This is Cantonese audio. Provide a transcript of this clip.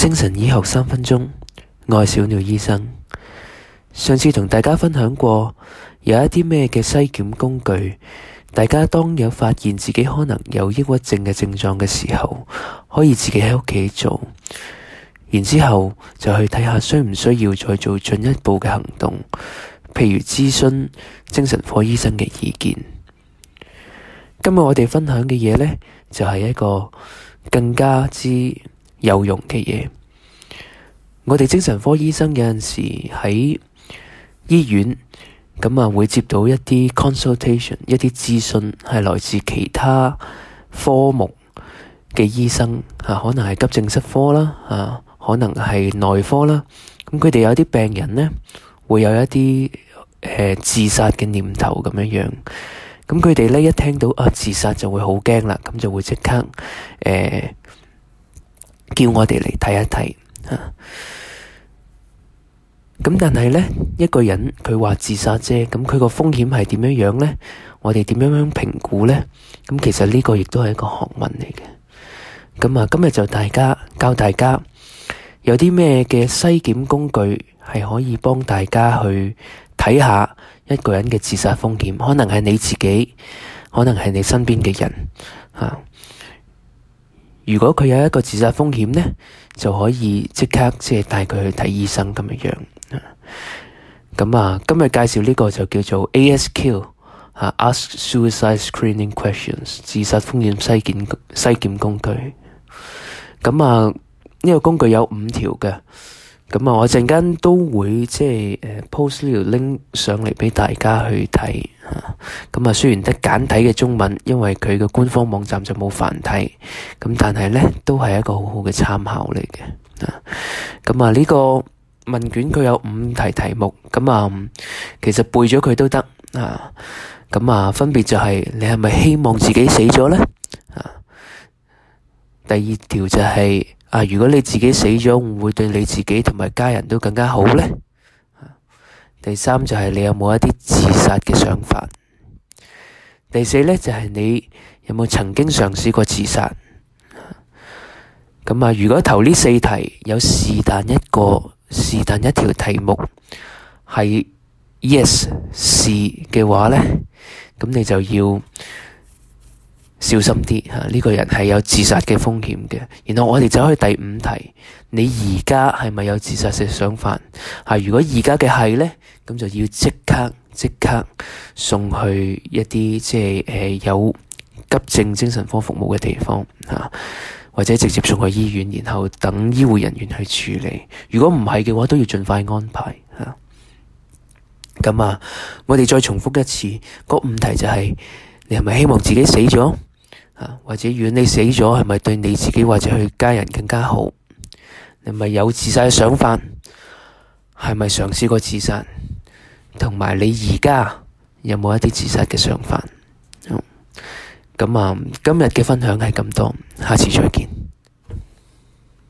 精神醫學三分鐘，愛小鳥醫生。上次同大家分享過有一啲咩嘅篩檢工具，大家當有發現自己可能有抑鬱症嘅症狀嘅時候，可以自己喺屋企做，然之後就去睇下需唔需要再做進一步嘅行動，譬如諮詢精神科醫生嘅意見。今日我哋分享嘅嘢呢，就係、是、一個更加之。有用嘅嘢，我哋精神科醫生有陣時喺醫院咁啊，會接到一啲 consultation，一啲諮詢係來自其他科目嘅醫生啊，可能係急症室科啦，啊，可能係內科啦，咁佢哋有啲病人呢，會有一啲誒、呃、自殺嘅念頭咁樣樣，咁佢哋呢，一聽到啊自殺就會好驚啦，咁就會即刻誒。呃叫我哋嚟睇一睇吓，咁、啊、但係呢，一個人佢話自殺啫，咁佢個風險係點樣樣呢？我哋點樣樣評估呢？咁其實呢個亦都係一個學問嚟嘅。咁啊，今日就大家教大家有啲咩嘅篩檢工具係可以幫大家去睇下一個人嘅自殺風險，可能係你自己，可能係你身邊嘅人吓。啊如果佢有一個自殺風險呢，就可以即刻即係帶佢去睇醫生咁樣樣。咁啊，今日介紹呢個就叫做 ASQ 吓 Ask Suicide Screening Questions 自殺風險篩檢篩檢工具。咁啊，呢個工具有五條嘅。咁啊，我陣間都會即係誒 post 呢條 link 上嚟俾大家去睇吓。咁啊，雖然得簡體嘅中文，因為佢嘅官方網站就冇繁體。咁但係咧，都係一個好好嘅參考嚟嘅啊。咁啊，呢個問卷佢有五題題目。咁啊，其實背咗佢都得啊。咁啊，分別就係你係咪希望自己死咗咧？啊，第二條就係。啊！如果你自己死咗，會唔會對你自己同埋家人都更加好呢？啊、第三就係你有冇一啲自殺嘅想法、啊？第四呢，就係、是、你有冇曾經嘗試過自殺？咁啊，啊，如果頭呢四題有是但一個是但一條題目係 yes 是嘅話呢，咁你就要，小心啲嚇！呢個人係有自殺嘅風險嘅。然後我哋就去第五題，你而家係咪有自殺嘅想法？嚇！如果而家嘅係呢，咁就要即刻即刻送去一啲即係誒有急症精神科服務嘅地方嚇，或者直接送去醫院，然後等醫護人員去處理。如果唔係嘅話，都要盡快安排嚇。咁啊，我哋再重複一次嗰五題就係你係咪希望自己死咗？或者如果你死咗，係咪對你自己或者佢家人更加好？你咪有自殺嘅想法？係咪嘗試過自殺？同埋你而家有冇一啲自殺嘅想法？咁啊，今日嘅分享係咁多，下次再見。